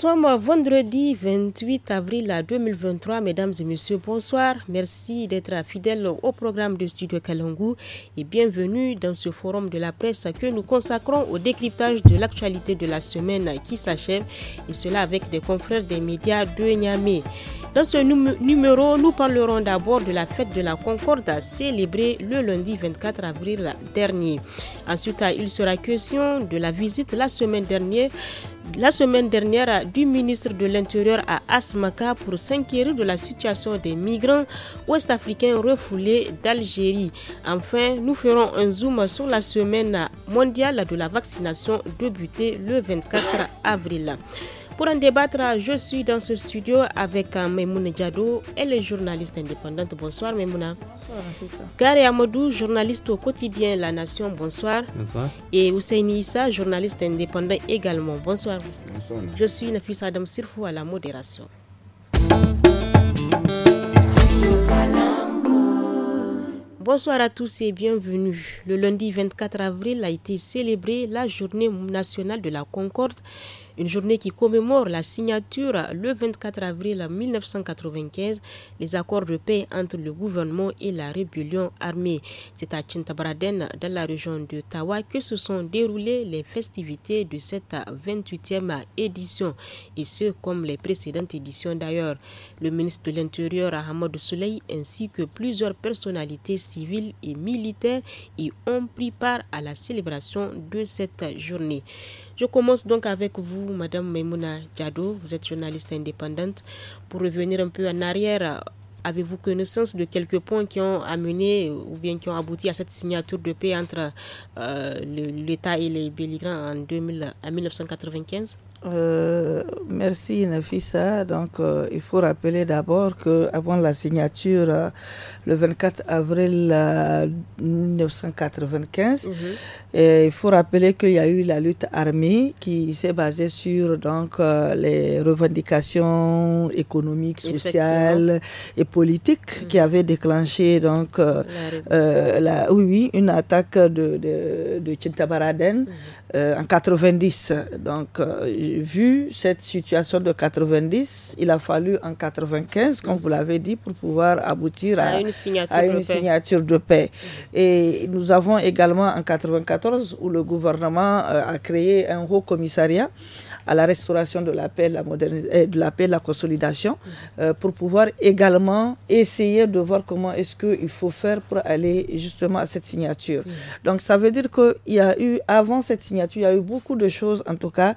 sommes vendredi 28 avril 2023, mesdames et messieurs, bonsoir. Merci d'être fidèles au programme de Studio Kalangu et bienvenue dans ce forum de la presse que nous consacrons au décryptage de l'actualité de la semaine qui s'achève et cela avec des confrères des médias de Niamey. Dans ce numéro, nous parlerons d'abord de la fête de la Concorde célébrée le lundi 24 avril dernier. Ensuite, il sera question de la visite la semaine dernière la semaine dernière du ministre de l'Intérieur à Asmaka pour s'inquiéter de la situation des migrants ouest-africains refoulés d'Algérie. Enfin, nous ferons un zoom sur la semaine mondiale de la vaccination débutée le 24 avril. Pour en débattre, je suis dans ce studio avec euh, Memoune Diado, elle est journaliste indépendante. Bonsoir Memouna. Bonsoir Gary Gary Amadou, journaliste au quotidien La Nation, bonsoir. Bonsoir. Et Ousseini Issa, journaliste indépendant également. Bonsoir. Bonsoir. Je suis Nafisa Adam Sirfou à la modération. Bonsoir à tous et bienvenue. Le lundi 24 avril a été célébrée la journée nationale de la Concorde une journée qui commémore la signature le 24 avril 1995 les accords de paix entre le gouvernement et la rébellion armée. C'est à Chintabraden, dans la région de Tawa, que se sont déroulées les festivités de cette 28e édition, et ce, comme les précédentes éditions d'ailleurs. Le ministre de l'Intérieur, Ahmad Soleil, ainsi que plusieurs personnalités civiles et militaires y ont pris part à la célébration de cette journée. Je commence donc avec vous, Madame Maimouna Diado. Vous êtes journaliste indépendante. Pour revenir un peu en arrière, avez-vous connaissance de quelques points qui ont amené ou bien qui ont abouti à cette signature de paix entre euh, l'État et les belligérants en, en 1995 euh, merci Nafisa Donc, euh, il faut rappeler d'abord que avant la signature, euh, le 24 avril 1995, mhm. il faut rappeler qu'il y a eu la lutte armée qui s'est basée sur donc les revendications économiques, sociales et politiques qui mhm. avaient déclenché donc oui, une attaque de de, Chintabaraden mhm. en 90. Donc vu cette situation de 90, il a fallu en 95, comme vous l'avez dit, pour pouvoir aboutir à, une, signature, de paix. Et nous avons également en 94 où le gouvernement euh, a créé un haut commissariat à la restauration de la paix, la euh, de la paix, la consolidation, euh, pour pouvoir également essayer de voir comment est-ce qu'il faut faire pour aller justement à cette signature. Mmh. Donc ça veut dire qu'il y a eu, avant cette signature, il y a eu beaucoup de choses en tout cas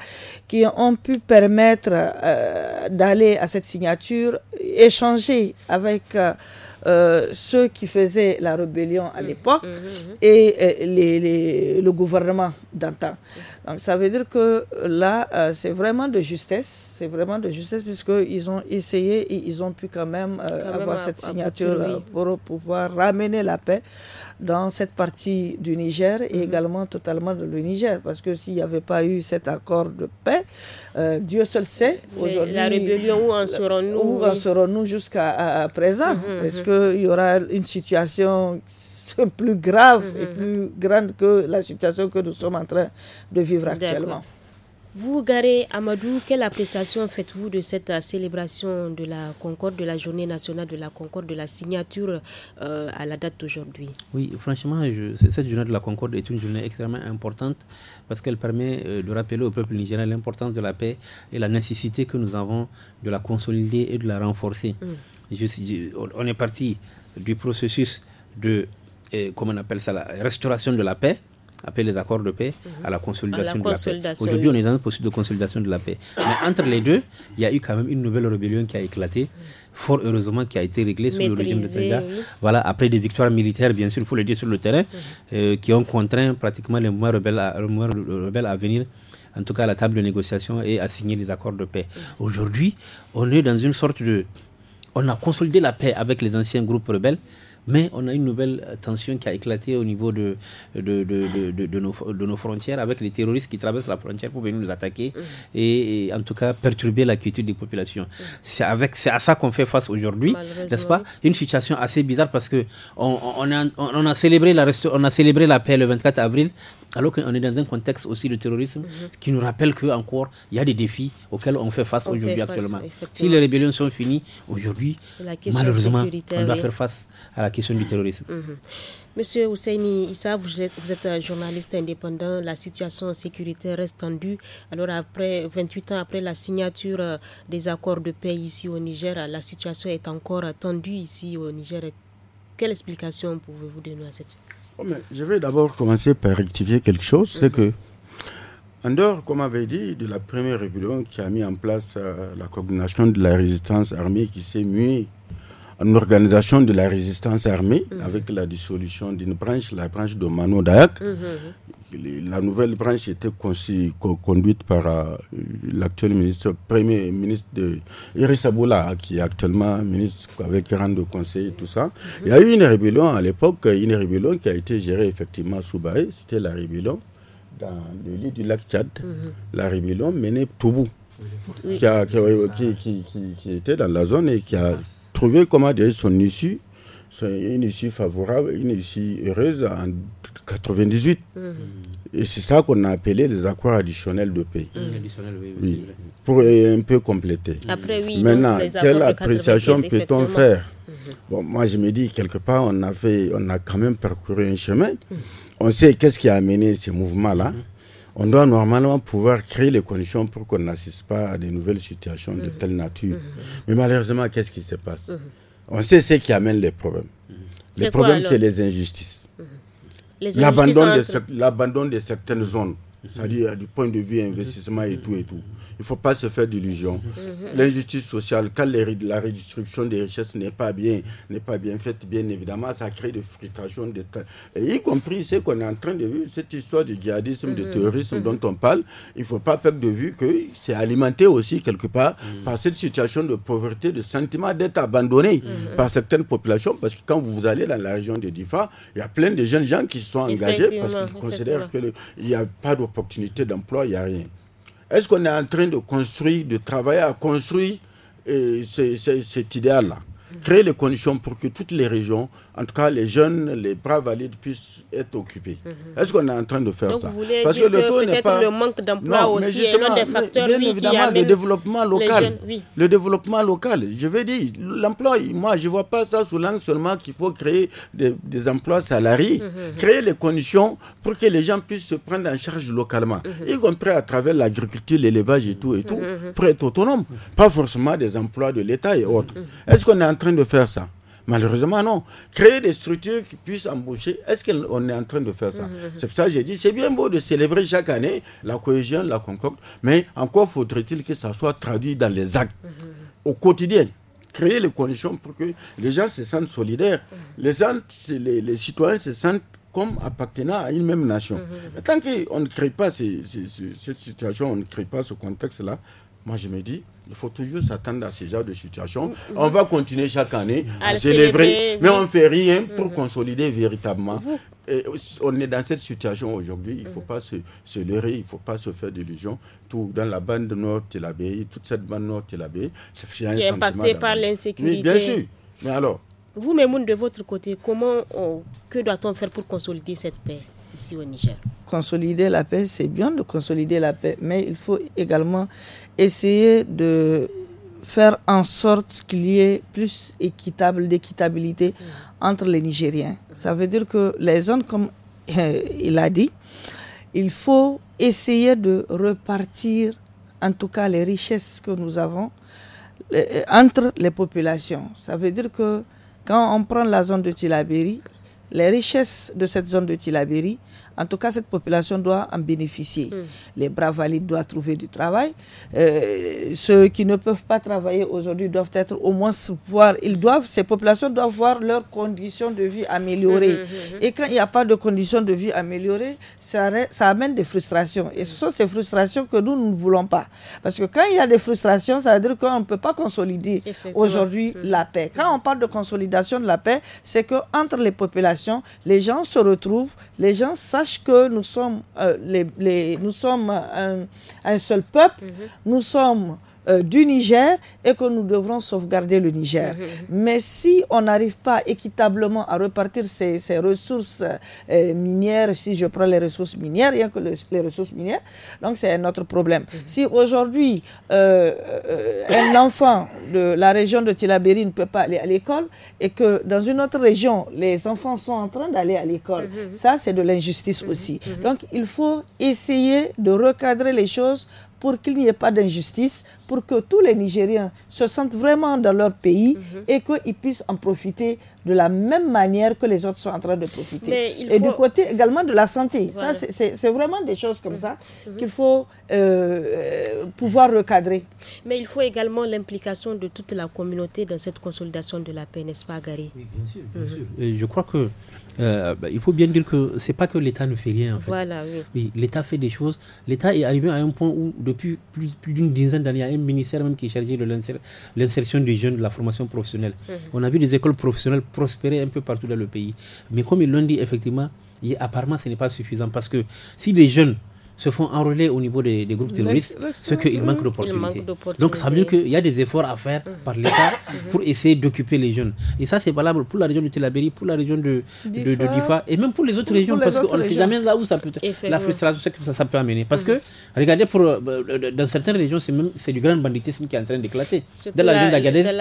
qui ont pu permettre euh, d'aller à cette signature, échanger avec euh, euh, ceux qui faisaient la rébellion à mmh. l'époque mmh, mmh, et, le gouvernement d'antan. Donc ça veut dire que là, c'est vraiment de justesse, c'est vraiment de justesse puisqu'ils ont essayé et ils ont pu quand même, avoir cette signature pour pouvoir ramener la paix dans cette partie du Niger et mhm. également totalement de le Niger. Parce que s'il n'y avait pas eu cet accord de paix, euh, Dieu seul sait aujourd'hui. La rébellion, où en serons-nous jusqu'à présent mhm, mhm. Est-ce qu'il y aura une situation plus grave et plus grande que la situation que nous sommes en train de vivre actuellement vous, Garé Amadou, quelle appréciation faites-vous de cette euh, célébration de la Concorde, de la journée nationale de la Concorde, de la signature euh, à la date d'aujourd'hui Oui, franchement, cette journée de la Concorde est une journée extrêmement importante parce qu'elle permet euh, de rappeler au peuple nigérien l'importance de la paix et la nécessité que nous avons de la consolider et de la renforcer. Mm. on est parti du processus de, eh, comment on appelle ça, la restauration de la paix après les accords de paix, à la consolidation, de la paix. Aujourd'hui, on est dans une processus de consolidation de la paix. Mais entre les deux, il y a eu quand même une nouvelle rébellion qui a éclaté fort heureusement qui a été réglée sous le régime de Sanja. Voilà, après des victoires militaires, bien sûr, il faut le dire sur le terrain, mhm. euh, qui ont contraint pratiquement les mouvements rebelles à, venir, en tout cas à la table de négociation et à signer les accords de paix. Mhm. Aujourd'hui, on est dans une sorte de... On a consolidé la paix avec les anciens groupes rebelles mais on a une nouvelle euh, tension qui a éclaté au niveau de, de, de, nos, frontières avec les terroristes qui traversent la frontière pour venir nous attaquer mm. et, en tout cas perturber la des populations. Mm. C'est avec c'est à ça qu'on fait face aujourd'hui, n'est-ce pas Une situation assez bizarre parce qu'on on, on, a, célébré a célébré la paix le 24 avril, alors qu'on est dans un contexte aussi de terrorisme mhm. qui nous rappelle que encore il y a des défis auxquels on fait face aujourd'hui actuellement. Si les rébellions sont finies aujourd'hui, malheureusement, on doit faire face à la question du terrorisme. Mhm. Monsieur Ousseini Issa, vous êtes, vous êtes un journaliste indépendant. La situation sécuritaire reste tendue. Alors, après 28 ans après la signature euh, des accords de paix ici au Niger, la situation est encore tendue ici au Niger. Quelle explication pouvez-vous donner à cette situation Oh, je vais d'abord commencer par rectifier quelque chose. C'est que, en dehors, comme avait dit, de la première république qui a mis en place euh, la coordination de la résistance armée qui s'est muée en organisation de la résistance armée mm-hmm. avec la dissolution d'une branche, la branche de Mano Dayak. Mm-hmm la nouvelle branche était conduite par euh, l'actuel ministre, premier ministre de Iris Aboula, qui est actuellement ministre avec rang de conseil et tout ça. Il y a eu une rébellion à l'époque, une rébellion qui a été gérée effectivement sous Baï. C'était la rébellion dans le lit du lac Tchad, mhm. la rébellion menée Toubou, qui, était dans la zone et qui a trouvé comment dire son issue, une issue favorable, une issue heureuse en 98. Mmh. Et c'est ça qu'on a appelé les accords additionnels de pays. Mmh. Pour un peu compléter. Mmh. Maintenant, quelle appréciation peut-on faire Moi, je me dis, quelque part, on a, fait, on a quand même parcouru un chemin. On sait qu'est-ce qui a amené ces mouvements-là. On doit normalement pouvoir créer les conditions pour qu'on n'assiste pas à des nouvelles situations de telle nature. Mais malheureusement, qu'est-ce qui se passe On sait ce qui amène les problèmes. Les problèmes, c'est les injustices l'abandon de, certaines zones c'est-à-dire du point de vue investissement et tout et tout. Il ne faut pas se faire d'illusions. Mhm. L'injustice sociale, quand la redistribution des richesses n'est pas bien, n'est pas bien faite, bien évidemment, ça crée des frustrations, et y compris ce qu'on est en train de vivre, cette histoire du djihadisme, du mhm. terrorisme mhm. dont on parle. Il ne faut pas perdre de vue que c'est alimenté aussi quelque part par cette situation de pauvreté, de sentiment d'être abandonné par certaines populations, parce que quand vous allez dans la région de Difa, il y a plein de jeunes gens qui sont engagés parce qu'ils considèrent qu'il n'y a pas de Opportunité d'emploi, il n'y a rien. Est-ce qu'on est en train de construire, de travailler à construire euh, cet idéal-là créer les conditions pour que toutes les régions, en tout cas les jeunes, les bras valides puissent être occupés. Mhm. Est-ce qu'on est en train de faire ça Parce que le taux n'est pas le manque d'emploi aussi est un des facteurs bien évidemment le développement local. Le développement local, je veux dire l'emploi, moi je vois pas ça sous l'angle seulement qu'il faut créer des, emplois salariés, mhm, mhm. créer les conditions pour que les gens puissent se prendre en charge localement, y compris à travers l'agriculture, l'élevage et tout et tout, pour être autonome, pas forcément des emplois de l'État et autres. Est-ce qu'on est en train de faire ça Malheureusement, non. Créer des structures qui puissent embaucher, est-ce qu'on est en train de faire ça mmh, mmh. C'est ça j'ai dit, c'est bien beau de célébrer chaque année la cohésion, la concorde, mais encore faudrait-il que ça soit traduit dans les actes, mmh, au quotidien. Créer les conditions pour que les gens se sentent solidaires, les, gens, les, citoyens se sentent comme appartenant à une même nation. tant qu'on ne crée pas cette situation, on ne crée pas ce contexte-là, moi, je me dis, il faut toujours s'attendre à ce genre de situation. Mm, mm. On va continuer chaque année à, célébrer, mais on ne fait rien pour mm, consolider véritablement. on est dans cette situation aujourd'hui, il ne faut pas se, se, leurrer, il ne faut pas se faire d'illusions. Tout dans la bande nord de l'abbaye, toute cette bande nord de l'abbaye, c'est un Qui est impacté par l'insécurité. bien sûr. Mais alors Vous, Memoun, de votre côté, comment oh, que doit-on faire pour consolider cette paix ici au Niger. Consolider la paix, c'est bien de consolider la paix, mais il faut également essayer de faire en sorte qu'il y ait plus équitable d'équitabilité mm. entre les Nigériens. Ça veut dire que les zones, comme euh, il a dit, il faut essayer de repartir, en tout cas les richesses que nous avons, euh, entre les populations. Ça veut dire que quand on prend la zone de Tilaberi, les richesses de cette zone de Tilabéri en tout cas, cette population doit en bénéficier. Mm. Les bras valides doivent trouver du travail. Euh, ceux qui ne peuvent pas travailler aujourd'hui doivent être au moins voir, ils doivent, ces populations doivent voir leurs conditions de vie améliorées. Mm, mm, Et quand il n'y a pas de conditions de vie améliorées, ça, ça, amène des frustrations. Et ce sont ces frustrations que nous, ne voulons pas. Parce que quand il y a des frustrations, ça veut dire qu'on ne peut pas consolider aujourd'hui la paix. Quand on parle de consolidation de la paix, c'est que entre les populations, les gens se retrouvent, les gens savent que nous sommes, euh, les, les, nous sommes euh, un, un seul peuple, mm-hmm. nous sommes euh, du Niger et que nous devrons sauvegarder le Niger. Mais si on n'arrive pas équitablement à repartir ces, ressources euh, minières, si je prends les ressources minières, rien que les ressources minières, donc c'est un autre problème. Si aujourd'hui euh, un enfant de la région de Tilaberi ne peut pas aller à l'école et que dans une autre région, les enfants sont en train d'aller à l'école, ça c'est de l'injustice aussi. Donc il faut essayer de recadrer les choses pour qu'il n'y ait pas d'injustice, pour que tous les Nigériens se sentent vraiment dans leur pays mhm. et qu'ils puissent en profiter de la même manière que les autres sont en train de profiter. Et du côté également de la santé, c'est vraiment des choses comme mhm. ça mhm. qu'il faut euh, euh, pouvoir recadrer. Mais il faut également l'implication de toute la communauté dans cette consolidation de la paix, n'est-ce pas, Gary Oui, bien sûr, bien sûr. Et je crois que euh, bah, il faut bien dire que c'est pas que l'État ne fait rien. En fait. oui. L'État fait des choses. L'État est arrivé à un point où, depuis plus, d'une dizaine d'années, il y a un ministère même qui est chargé de l'insertion des jeunes, de la formation professionnelle. Mhm. On a vu des écoles professionnelles prospérer un peu partout dans le pays. Mais comme ils l'ont dit, effectivement, apparemment, ce n'est pas suffisant parce que si les jeunes se font enrôler au niveau des, groupes terroristes, ce qu'il manque d'opportunités. Donc ça veut dire qu'il y a des efforts à faire mm. par l'État mm-hmm. pour essayer d'occuper les jeunes. Et ça, c'est valable pour la région de Telabéry, pour la région de, de, Difa, et même pour les autres régions, parce qu'on ne sait jamais là où ça peut la frustration que ça, peut amener. Parce que, mm-hmm. regardez, pour, euh, euh, dans certaines régions, c'est du grand banditisme qui est en train d'éclater. Dans la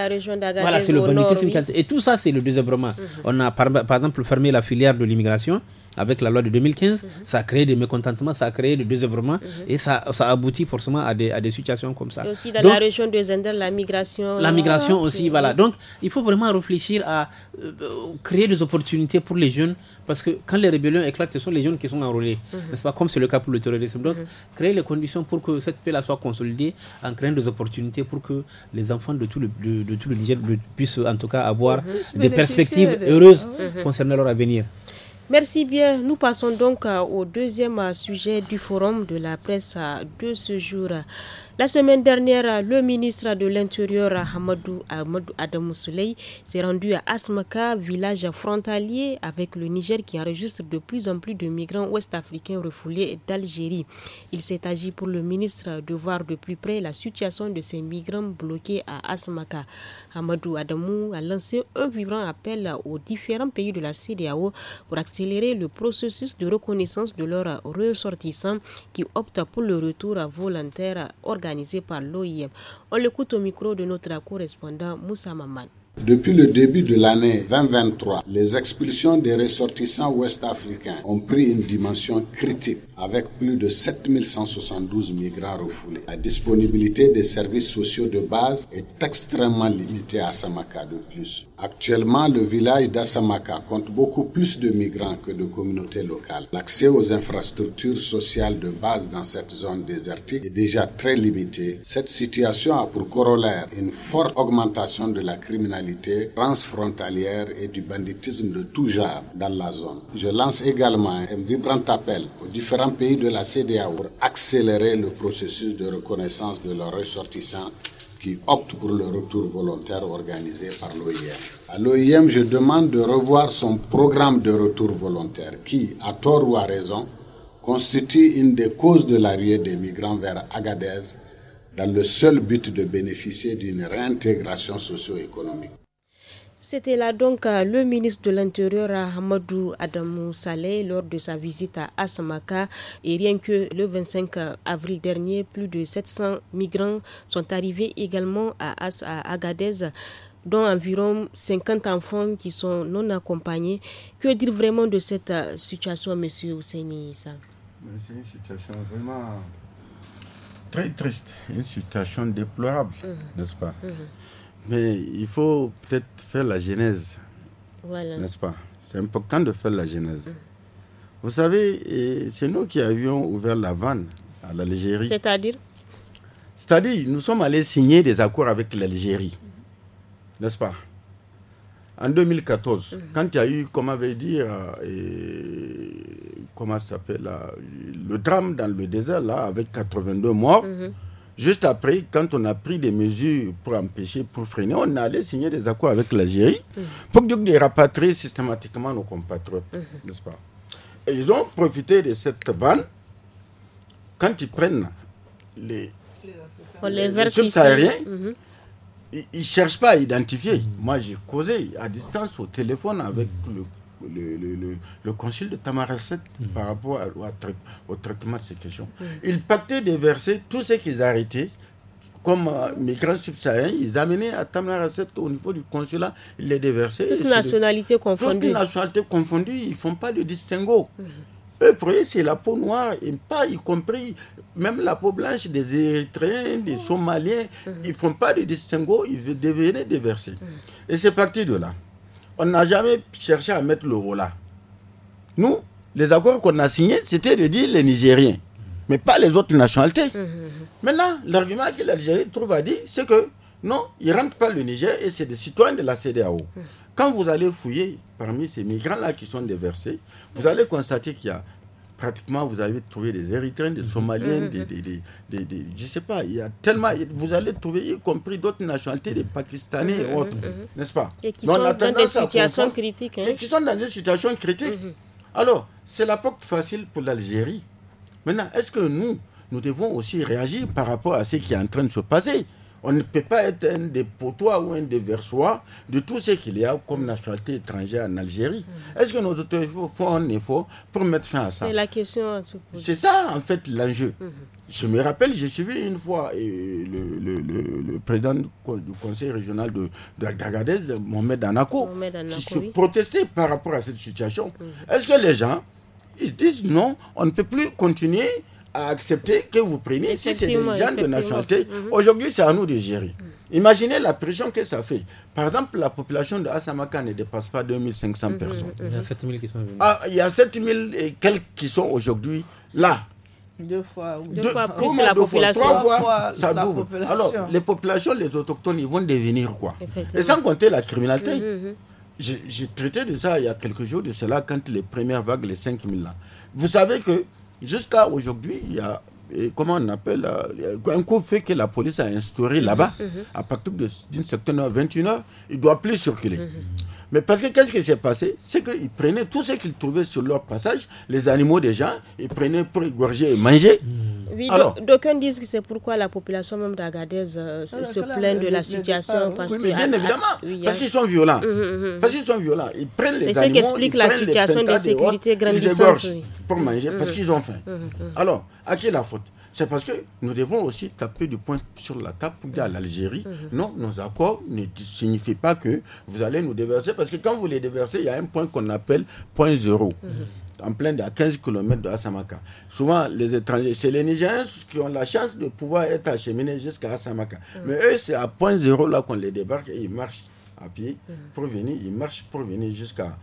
région d'Agadez. Voilà, c'est le banditisme qui est Et tout ça, c'est le désabrement. Mm-hmm. On a, par exemple, fermé la filière de l'immigration avec la loi de 2015, mhm. ça a créé des mécontentements, ça a créé des désœuvrements mhm. et ça, aboutit forcément à des, à des, situations comme ça. Et aussi dans la région de Zender, la migration. La migration aussi, voilà. Donc il faut vraiment réfléchir à euh, créer des opportunités pour les jeunes parce que quand les rébellions éclatent, ce sont les jeunes qui sont enrôlés, mhm. n'est-ce pas Comme c'est le cas pour le terrorisme. Donc créer les conditions pour que cette paix-là soit consolidée en créant des opportunités pour que les enfants de tout le, de tout le Niger puissent en tout cas avoir des perspectives heureuses concernant leur avenir. Merci bien. Nous passons donc euh, au deuxième euh, sujet du forum de la presse euh, de ce jour. La semaine dernière, le ministre de l'Intérieur, Hamadou Adamou Souley, s'est rendu à Asmaka, village frontalier avec le Niger qui enregistre de plus en plus de migrants ouest-africains refoulés d'Algérie. Il s'est agi pour le ministre de voir de plus près la situation de ces migrants bloqués à Asmaka. Hamadou Adamou a lancé un vibrant appel aux différents pays de la CDAO pour accélérer le processus de reconnaissance de leurs ressortissants qui optent pour le retour volontaire on l'écoute au micro de notre correspondant Moussa Maman. Depuis le début de l'année 2023, les expulsions des ressortissants ouest-africains ont pris une dimension critique avec plus de 7172 migrants refoulés. La disponibilité des services sociaux de base est extrêmement limitée à Samaka de plus. Actuellement, le village d'Assamaka compte beaucoup plus de migrants que de communautés locales. L'accès aux infrastructures sociales de base dans cette zone désertique est déjà très limité. Cette situation a pour corollaire une forte augmentation de la criminalité transfrontalière et du banditisme de tout genre dans la zone. Je lance également un vibrant appel aux différents pays de la CDAO pour accélérer le processus de reconnaissance de leurs ressortissants qui optent pour le retour volontaire organisé par l'OIM. À l'OIM, je demande de revoir son programme de retour volontaire qui, à tort ou à raison, constitue une des causes de l'arrivée des migrants vers Agadez dans le seul but de bénéficier d'une réintégration socio-économique. C'était là donc euh, le ministre de l'Intérieur euh, Hamadou Adamou Saleh lors de sa visite à Asamaka. Et rien que le 25 euh, avril dernier, plus de 700 migrants sont arrivés également à, Agadez dont environ 50 enfants qui sont non accompagnés. Que dire vraiment de cette situation, M. Ousseini C'est une situation vraiment très triste, une situation déplorable, mmh. n'est-ce pas mmh. Mais il faut peut-être faire la genèse. N'est-ce pas C'est important de faire la genèse. Vous savez, c'est nous qui avions ouvert la vanne à l'Algérie. C'est-à-dire C'est-à-dire, nous sommes allés signer des accords avec l'Algérie. N'est-ce pas en 2014, mm. quand il y a eu, comme avait dit, euh, comment s'appelle, le drame dans le désert, là, avec 82 morts, mm-hmm. Juste après, quand on a pris des mesures pour empêcher, pour freiner, on allait signer des accords avec l'Algérie pour donc rapatrier systématiquement nos compatriotes, mhm. n'est-ce pas Et ils ont profité de cette vanne quand ils prennent les, les, les mhm. Ils ne cherchent pas à identifier. Moi, j'ai causé à distance au téléphone avec le le, le, le, concile de Tamaracet mm. par rapport au traitement de ces questions. Ils pactaient de verser tout ce qu'ils arrêtaient, comme euh, migrants subsahariens, ils amenaient à Tamaracet au niveau du consulat, ils les déversaient. Toute nationalités confondues toutes nationalités confondues ils ne font pas de distinguo. Mm. Eux, pour eux, c'est la peau noire, et pas y compris même la peau blanche des Érythréens, des mm. Somaliens. Ils ne font pas de distinguo, ils devenaient déversés. Et c'est parti de là on n'a jamais cherché à mettre l'euro là. Nous, les accords qu'on a signés, c'était de dire les Nigériens, mais pas les autres nationalités. Hum, hum, hum. Maintenant, l'argument que l'Algérie trouve à dire, c'est que non, ils ne rentrent pas le Niger et c'est des citoyens de la CDAO. Quand vous allez fouiller parmi ces migrants-là qui sont déversés, vous allez constater qu'il y a pratiquement, vous avez trouvé des Érythréens, des Somaliens, mm-hmm. des, des, des, Je sais pas, il y a tellement. Vous allez trouver, y compris d'autres nationalités, des Pakistanais et mm-hmm. autres, mm-hmm. n'est-ce pas hein. Et qui sont dans des situations critiques. Et qui sont dans des situations critiques. Alors, c'est la porte facile pour l'Algérie. Maintenant, est-ce que nous, nous devons aussi réagir par rapport à ce qui est en train de se passer on ne peut pas être un des potois ou un déversoir de tout ce qu'il y a comme nationalité étrangère en Algérie. Mm. Est-ce que nos autorités font un effort pour mettre fin à ça C'est la question. C'est ça, en fait, l'enjeu. Mm-hmm. Je me rappelle, j'ai suivi une fois le, président du conseil régional de, d'Agadez, Mohamed Anako, Mohamed Anako qui se protestait par rapport à cette situation. Mm-hmm. Est-ce que les gens disent non, on ne peut plus continuer à accepter que vous preniez si c'est des gens de nationalité. Mhm. Aujourd'hui, c'est à nous de gérer. Imaginez la pression que ça fait. Par exemple, la population de Asamaka ne dépasse pas 2500 mhm, personnes. Mhm, il y a 7000 qui sont venus. Ah, il y a 7000 et quelques qui sont aujourd'hui là. Deux fois, deux, fois plus la population. trois fois, ça la double. Population. Alors, les populations, les autochtones, ils vont devenir quoi Et sans compter la criminalité. J'ai traité de ça il y a quelques jours de cela quand les premières vagues, les 5000 là. Vous savez que Jusqu'à aujourd'hui, il y a, comment on appelle, euh, un coup fait que la police a instauré là-bas, mhm. à partir d'une certaine heure, 21 h il ne doit plus circuler. Mhm. Mais parce que qu'est-ce qui s'est passé C'est qu'ils prenaient tout ce qu'ils trouvaient sur leur passage, les animaux des gens, ils prenaient pour égorger et manger. Hmm. Oui, d'aucuns disent que c'est pourquoi la population même d'Agadez euh, se, plaint de la situation. Hein. parce oui, mais bien évidemment, parce qu'ils sont violents. Hum, hum, hum. parce qu'ils sont violents. Ils prennent les animaux. C'est ce qui explique la situation de sécurité grandissante. Ils pour manger parce qu'ils ont faim. Alors, à qui la faute c'est parce que nous devons aussi taper du point sur la table pour dire à l'Algérie, mhm. non, nos accords ne signifient pas que vous allez nous déverser, parce que quand vous les déversez, il y a un point qu'on appelle point zéro. Mhm. en plein de, 15 km de Asamaka. Souvent, les étrangers, c'est les Nigériens qui ont la chance de pouvoir être acheminés jusqu'à Asamaka. Mhm. Mais eux, c'est à point zéro là qu'on les débarque et ils marchent à pied pour venir, ils marchent pour venir jusqu'à.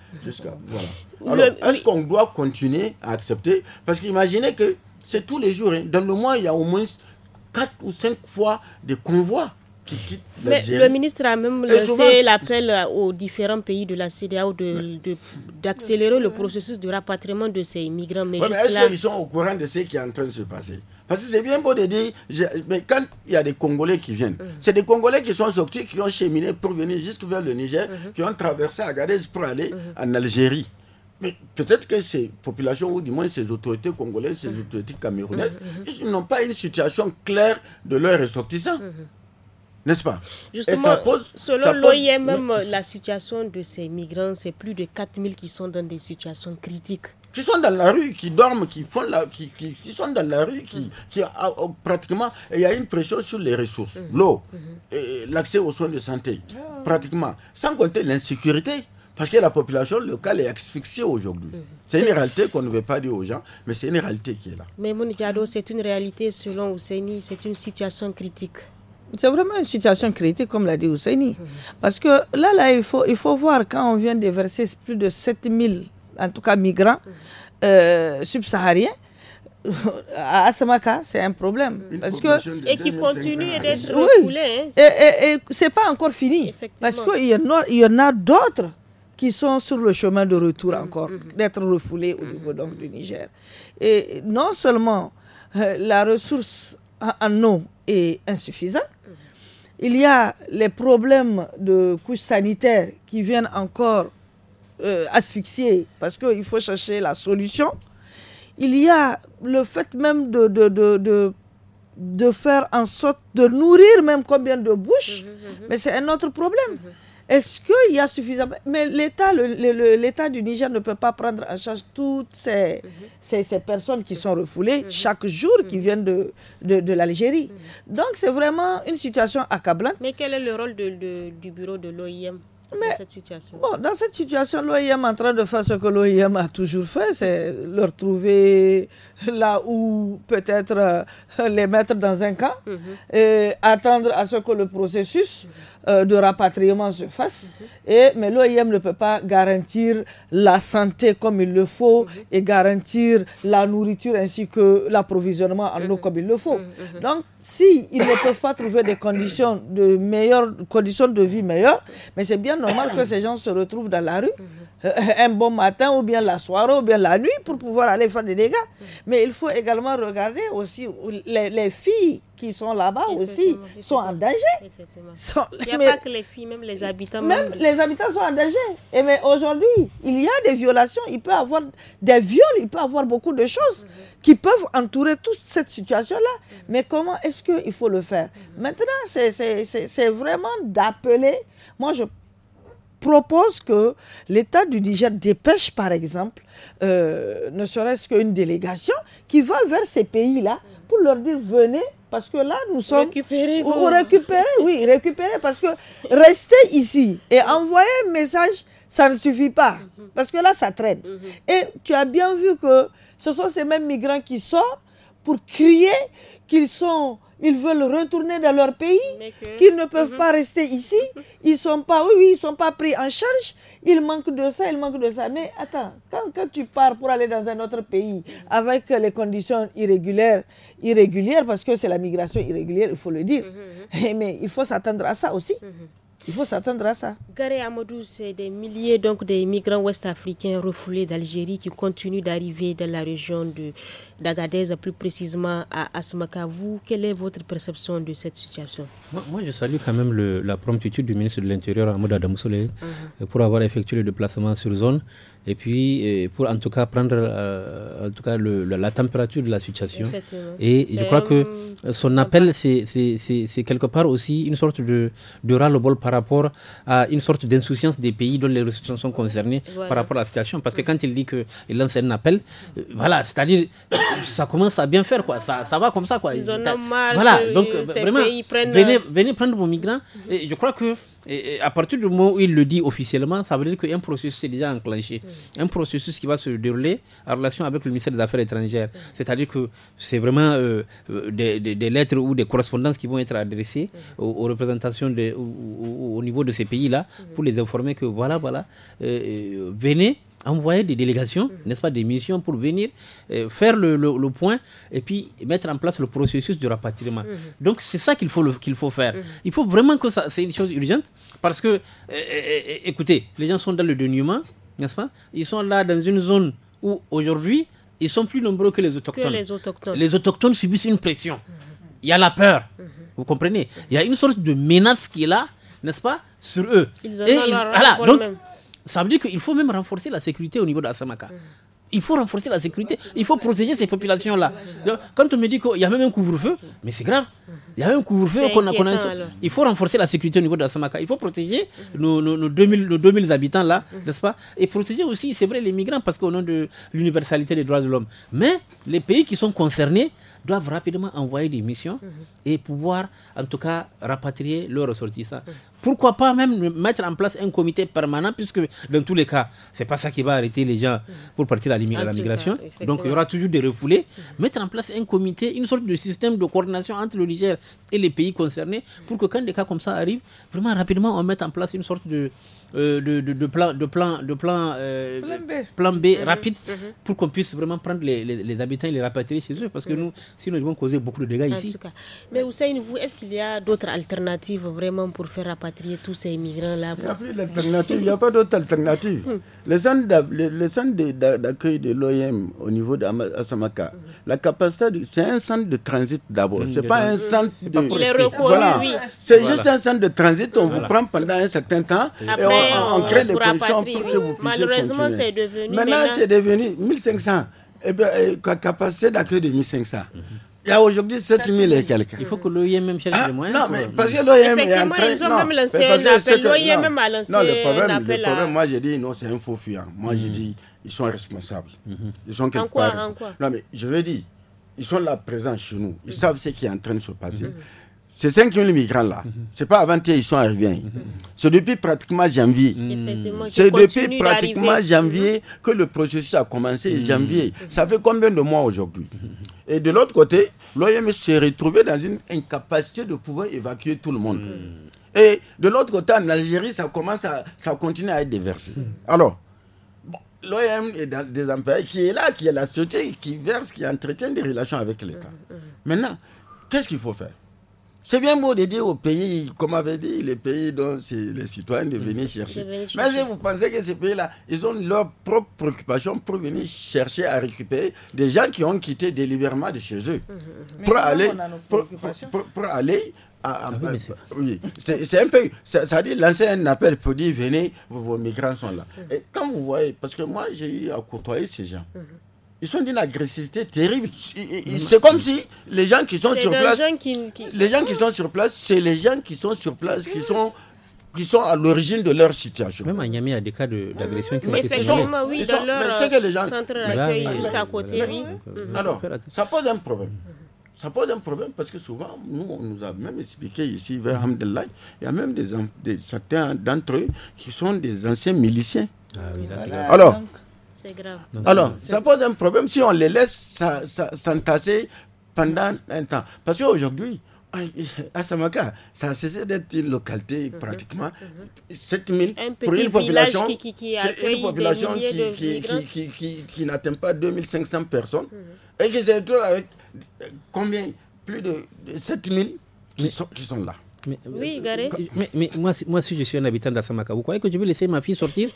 voilà. Alors, est-ce qu'on doit continuer à accepter Parce qu'imaginez que c'est tous les jours. Hein. Dans le mois, il y a au moins 4 ou 5 fois des convois. Qui quittent Mais le ministre a même lancé l'appel euh, aux différents pays de la CDAO d'accélérer de, le processus de rapatriement de ces immigrants. Mais, est-ce qu'ils sont au courant de ce qui est en train de se passer Parce que c'est bien beau de dire, mais quand il y a des Congolais qui viennent, mm. c'est des Congolais qui sont sortis, qui ont cheminé pour venir jusque vers le Niger, mm-hmm. qui ont traversé Agadez pour aller mm-hmm. en Algérie. Mais peut-être que ces populations, ou du moins ces autorités congolaises, ces mhm. autorités camerounaises, mhm, mhm. ils n'ont pas une situation claire de leurs ressortissants. N'est-ce pas Justement, selon l'OIM, euh, la situation de ces migrants, c'est plus de 4000 qui sont dans des situations critiques. Qui sont dans la rue, qui dorment, qui font la, qui, qui, sont dans la rue, qui, qui ah, oh, pratiquement, il y a une pression sur les ressources, l'eau, l'accès aux soins de santé, ah. pratiquement, sans compter l'insécurité. Parce que la population locale est asphyxiée aujourd'hui. Mhm. C'est une réalité qu'on ne veut pas dire aux gens, mais c'est une réalité qui est là. Mais Monikado, c'est une réalité selon Ousseini, c'est une situation critique. C'est vraiment une situation critique, comme l'a dit Ousseini. Mhm. Parce que là, là il, faut, il faut voir quand on vient de verser plus de 7000, en tout cas migrants, mhm. euh, subsahariens, à Asamaka, c'est un problème. Parce que, et qui continue d'être oui. Hein. et, et, n'est c'est pas encore fini. Parce qu'il y en a, a d'autres qui sont sur le chemin de retour mm-hmm. encore, mm-hmm. d'être refoulés au niveau mm-hmm. donc du Niger. Et non seulement euh, la ressource en eau est insuffisante, il y a les problèmes de couches sanitaires qui viennent encore euh, asphyxier parce qu'il faut chercher la solution. Il y a le fait même de, de, faire en sorte de nourrir même combien de bouches, mais c'est un autre problème. Est-ce qu'il y a suffisamment... Mais l'État, l'État du Niger ne peut pas prendre en charge toutes ces, ces, personnes qui sont refoulées chaque jour, qui viennent de, de, l'Algérie. Donc c'est vraiment une situation accablante. Mais quel est le rôle du bureau de l'OIM dans cette situation Dans cette situation, l'OIM est en train de faire ce que l'OIM a toujours fait, c'est leur trouver là où peut-être euh, les mettre dans un camp, mhm. et attendre à ce que le processus euh, de rapatriement se fasse. Et, mais l'OIM ne peut pas garantir la santé comme il le faut et garantir la nourriture ainsi que l'approvisionnement en eau comme il le faut. Donc, s'ils ne peuvent pas trouver des conditions de, meilleures, conditions de vie meilleures, mais c'est bien normal que ces gens se retrouvent dans la rue euh, un bon matin ou bien la soirée ou bien la nuit pour pouvoir aller faire des dégâts. Mais il faut également regarder aussi les filles qui sont là-bas aussi sont en danger. il n'y a pas que les filles, même les habitants. Même, les habitants sont en danger. Et mais aujourd'hui, il y a des violations, il peut y avoir des viols, il peut y avoir beaucoup de choses mhm. qui peuvent entourer toute cette situation-là. Mhm. Mais comment est-ce qu'il faut le faire mhm. Maintenant, c'est vraiment d'appeler. Moi, je propose que l'État du Niger dépêche, par exemple, euh, ne serait-ce qu'une délégation qui va vers ces pays-là pour leur dire venez parce que là, nous sommes. Récupérer. récupérer, oui, récupérer. Parce que rester ici et envoyer un message, ça ne suffit pas. Mhm. Parce que là, ça traîne. Mhm. Et tu as bien vu que ce sont ces mêmes migrants qui sortent pour crier qu'ils sont, ils veulent retourner dans leur pays, qu'ils ne peuvent mhm. pas rester ici, ils sont pas, oui, ils sont pas pris en charge, ils manquent de ça, ils manquent de ça. Mais attends, quand, tu pars pour aller dans un autre pays avec les conditions irrégulières, irrégulières parce que c'est la migration irrégulière, il faut le dire, mhm, mhm. mais il faut s'attendre à ça aussi. Il faut s'attendre à ça. Garé Amadou, c'est des milliers donc des migrants ouest-africains refoulés d'Algérie qui continuent d'arriver dans la région de d'Agadez, plus précisément à Asmaka. Vous, quelle est votre perception de cette situation Moi, je salue quand même la promptitude du ministre de l'Intérieur, Amadou Adam uh-huh. pour avoir effectué le déplacement sur zone et puis pour en tout cas prendre euh, en tout cas la, température de la situation. Et je crois que son appel, c'est quelque part aussi une sorte de, de ras-le-bol par rapport à une sorte d'insouciance des pays dont les ressources sont concernées par rapport à la situation. Parce que quand il dit qu'il lance un appel, euh, voilà, c'est-à-dire ça commence à bien faire, quoi. Ça, ça va comme ça, quoi. Ils ont voilà, donc vraiment, venez, venez prendre vos migrants. Mm-hmm. Et je crois que et, à partir du moment où il le dit officiellement, ça veut dire qu'un processus est déjà enclenché. Mm. Un processus qui va se dérouler en relation avec le ministère des Affaires étrangères. Mm. C'est-à-dire que c'est vraiment euh, euh, des, lettres ou des correspondances qui vont être adressées mm. aux, représentations au, niveau de ces pays-là pour les informer que voilà, voilà, euh, venez envoyer des délégations, mhm. n'est-ce pas, des missions pour venir euh, faire le, le, point et puis mettre en place le processus de rapatriement. Mhm. Donc c'est ça qu'il faut, qu'il faut faire. Mhm. Il faut vraiment que ça, c'est une chose urgente parce que, euh, euh, écoutez, les gens sont dans le dénuement, n'est-ce pas Ils sont là dans une zone où aujourd'hui, ils sont plus nombreux que les autochtones. les, autochtones. les, autochtones. subissent une pression. Il y a la peur. Vous comprenez Il y a une sorte de menace qui est là, n'est-ce pas, sur eux. Ils ont ils, leur ça veut dire qu'il faut même renforcer la sécurité au niveau d'Assamaka. Il faut renforcer la sécurité, il faut protéger ces populations-là. Quand on me dit qu'il y a même un couvre-feu, mais c'est grave. Il y a un couvre-feu qu'on a, connu. Il faut renforcer la sécurité au niveau d'Assamaka. Il faut protéger nos, 2000, nos 2000 habitants-là, n'est-ce pas Et protéger aussi, c'est vrai, les migrants, parce qu'au nom de l'universalité des droits de l'homme. Mais les pays qui sont concernés doivent rapidement envoyer des missions et pouvoir, en tout cas, rapatrier leurs ressortissants. Pourquoi pas même mettre en place un comité permanent, puisque dans tous les cas, c'est pas ça qui va arrêter les gens pour partir à la, migration. Donc il y aura toujours des refoulés. Mettre en place un comité, une sorte de système de coordination entre le Niger et les pays concernés, pour que quand des cas comme ça arrivent, vraiment rapidement, on mette en place une sorte de, euh, de, plan, de plan, de plan, euh, B, mhm, rapide mhm. pour qu'on puisse vraiment prendre les, habitants et les rapatrier chez eux parce que mhm. nous, sinon, nous devons causer beaucoup de dégâts ici. Mais Hussein, vous, est-ce qu'il y a d'autres alternatives vraiment pour faire rapatrier tous ces là Il n'y a plus d'alternative, il n'y a pas d'autre alternative. Les centres d'accueil de l'OIM au niveau d'Assamaka, mhm. la capacité, c'est un centre de transit d'abord. Mm, Ce n'est pas un centre de... voilà. C'est juste un centre de transit, on vous prend pendant un certain temps et on, crée les conditions pour que vous puissiez Malheureusement, c'est devenu... Maintenant, c'est devenu 1500. Et eh bien, eh, capacité d'accueil de 1500. Il y a aujourd'hui 7000 et quelques. Il faut que l'OIM cherche ah, des moyens. Non, mais parce que l'OIM est en train... Ils ont même lancé un appel. L'OIM a lancé non, le problème, moi, j'ai dit, non, c'est un faux fuyant. Moi, j'ai mhm. dit, ils sont responsables. Mhm. Ils sont quelque en quoi, En quoi non, mais je veux dire, ils sont là présents chez nous. Ils mhm. savent ce qui est en train de se passer. C'est Ces 5 000 migrants-là, n'est pas avant-hier ils sont arrivés. C'est depuis pratiquement janvier. C'est depuis pratiquement janvier que le processus a commencé, janvier. Ça fait combien de mois aujourd'hui Et de l'autre côté, L'OM s'est retrouvé dans une incapacité de pouvoir évacuer tout le monde. Hmm. Et de l'autre côté, en Algérie, ça commence à, ça continue à être déversé. Hmm. Alors, l'OM est dans des empires qui est là, qui est la société, qui verse, qui entretient des relations avec l'État. Hmm, Maintenant, qu'est-ce qu'il faut faire c'est bien beau de dire aux pays, comme avait dit, les pays dont les citoyens de venir chercher. Mais si vous pensez que ces pays-là, ils ont leurs propres préoccupations pour venir chercher à récupérer des gens qui ont quitté délibérément de chez eux. Mhm, mhm. Pour, aller, pour, ah aller, c'est un peu. Ça, ça dit lancer un appel pour dire venez, vos, migrants sont là. Mhm. Et quand vous voyez, parce que moi j'ai eu à côtoyer ces gens ils sont d'une agressivité terrible. C'est comme si les gens qui sont sur place, les gens qui sont sur place, c'est les gens qui sont sur place qui sont qui sont à l'origine de leur situation. Même à Niamey, il y a des cas d'agression qui ont été Effectivement, oui, dans les gens... centre d'accueil juste côté, Alors, ça pose un problème. Ça pose un problème parce que souvent, nous, on nous a même expliqué ici, vers hamdallah il y a même des, certains d'entre eux qui sont des anciens miliciens. Ah Alors, grave. Alors, ça pose un problème si on les laisse s'entasser pendant un temps. Parce qu'aujourd'hui, à Samaka, ça a cessé d'être une localité mhm. pratiquement. 7000 mhm. pour une population qui, qui, qui une population qui, n'atteint pas 2500 personnes mhm. et qui se retrouve avec euh, combien Plus de 7000 qui sont, qui sont là. Euh, oui, Garé. Mais, moi, moi, si je suis un habitant d'Assamaka, vous croyez que je vais laisser ma fille sortir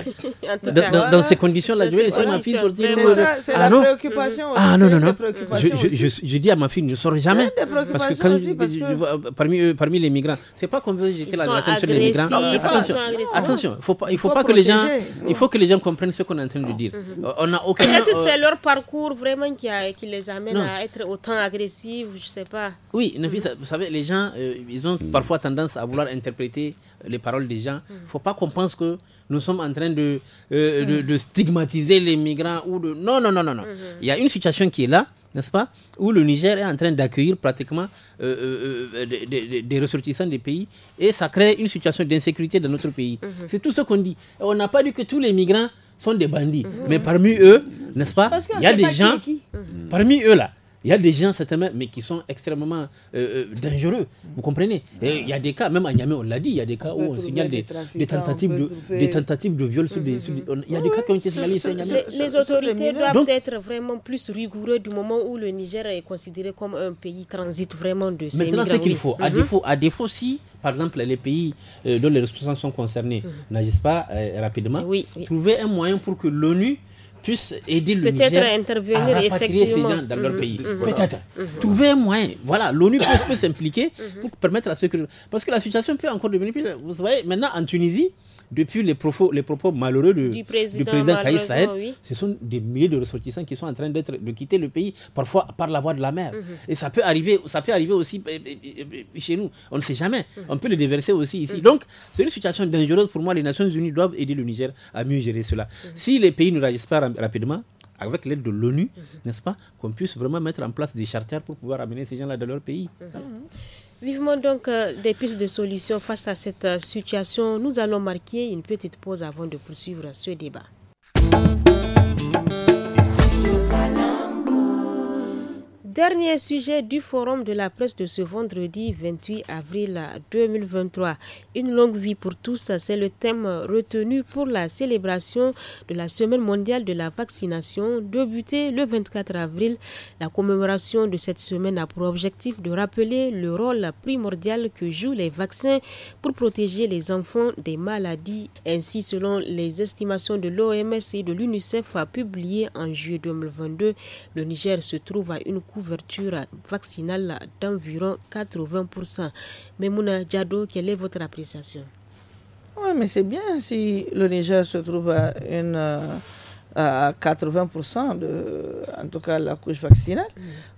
dans, ces conditions-là, je vais laisser ma fille sortir euh, C'est ah la préoccupation Ah non, non, non. Je, dis à ma fille, ne sors jamais. Parce que, quand, parce que... Euh, parmi, parmi les migrants, c'est pas qu'on veut jeter la ah, attention migrants. Attention, attention faut pas, il faut, pas que les gens, il faut que les gens comprennent ce qu'on est en train de dire. Mhm. On a aucun. que c'est leur parcours vraiment qui, les amène à être autant agressifs, je sais pas. Oui, vous savez, les gens, ils ont mhm. parfois tendance à vouloir interpréter euh, les paroles des gens. Il mm. ne faut pas qu'on pense que nous sommes en train euh, euh, mm. de, stigmatiser les migrants ou de... Non, non, non, non, non. Mm-hmm. Il y a une situation qui est là, n'est-ce pas, où le Niger est en train d'accueillir pratiquement des, ressortissants des pays et ça crée une situation d'insécurité dans notre pays. Mm-hmm. C'est tout ce qu'on dit. on n'a pas dit que tous les migrants sont des bandits, mm-hmm. mais parmi eux, n'est-ce pas, il y a des gens, qui... parmi eux là, il y a des gens, certainement, mais qui sont extrêmement euh, euh, dangereux. Vous comprenez Et Il y a des cas, même à Niamey, on l'a dit, il y a des cas où on signale des, tentatives de, tentatives de viol sur des. il y a des cas qui ont été signalés sur Niamey. Les, autorités doivent être vraiment plus rigoureux du moment où le Niger est considéré comme un pays transit vraiment de ces Maintenant, c'est qu'il faut. À, mhm. défaut, à défaut, si, par exemple, les pays euh, dont les responsables sont concernés mhm. n'agissent pas rapidement, trouver un moyen pour que l'ONU puissent aider le Niger intervenir à rapatrier ces gens mm-hmm. Mm-hmm. Peut-être. Mm-hmm. Trouver un moyen. Voilà, l'ONU peut, s'impliquer pour permettre à ce que... Parce que la situation peut encore devenir Vous voyez, maintenant, en Tunisie, depuis les propos, les propos malheureux du président, président ce sont des milliers de ressortissants qui sont en train d'être, de quitter le pays, parfois par la voie de la mer. Et ça peut arriver, ça peut arriver aussi eh, eh, eh, chez nous. On ne sait jamais. On peut les déverser aussi ici. Donc, c'est une situation dangereuse pour moi. Les Nations Unies doivent aider le Niger à mieux gérer cela. Si les pays ne réagissent pas rapidement, avec l'aide de l'ONU, mhm. n'est-ce pas, qu'on puisse vraiment mettre en place des charters pour pouvoir amener ces gens-là dans leur pays. Mhm. Vivement donc euh, des pistes de solutions face à cette euh, situation. Nous allons marquer une petite pause avant de poursuivre ce débat. Dernier sujet du forum de la presse de ce vendredi 28 avril 2023. Une longue vie pour tous, c'est le thème retenu pour la célébration de la Semaine mondiale de la vaccination débutée le 24 avril. La commémoration de cette semaine a pour objectif de rappeler le rôle primordial que jouent les vaccins pour protéger les enfants des maladies. Ainsi, selon les estimations de l'OMS et de l'UNICEF publiées en juillet 2022, le Niger se trouve à une cour couverture vaccinale d'environ 80%. Mais Mouna Diado, quelle est votre appréciation Oui, mais c'est bien si le Niger se trouve à une... Euh, à 80% de, en tout cas, la couche vaccinale.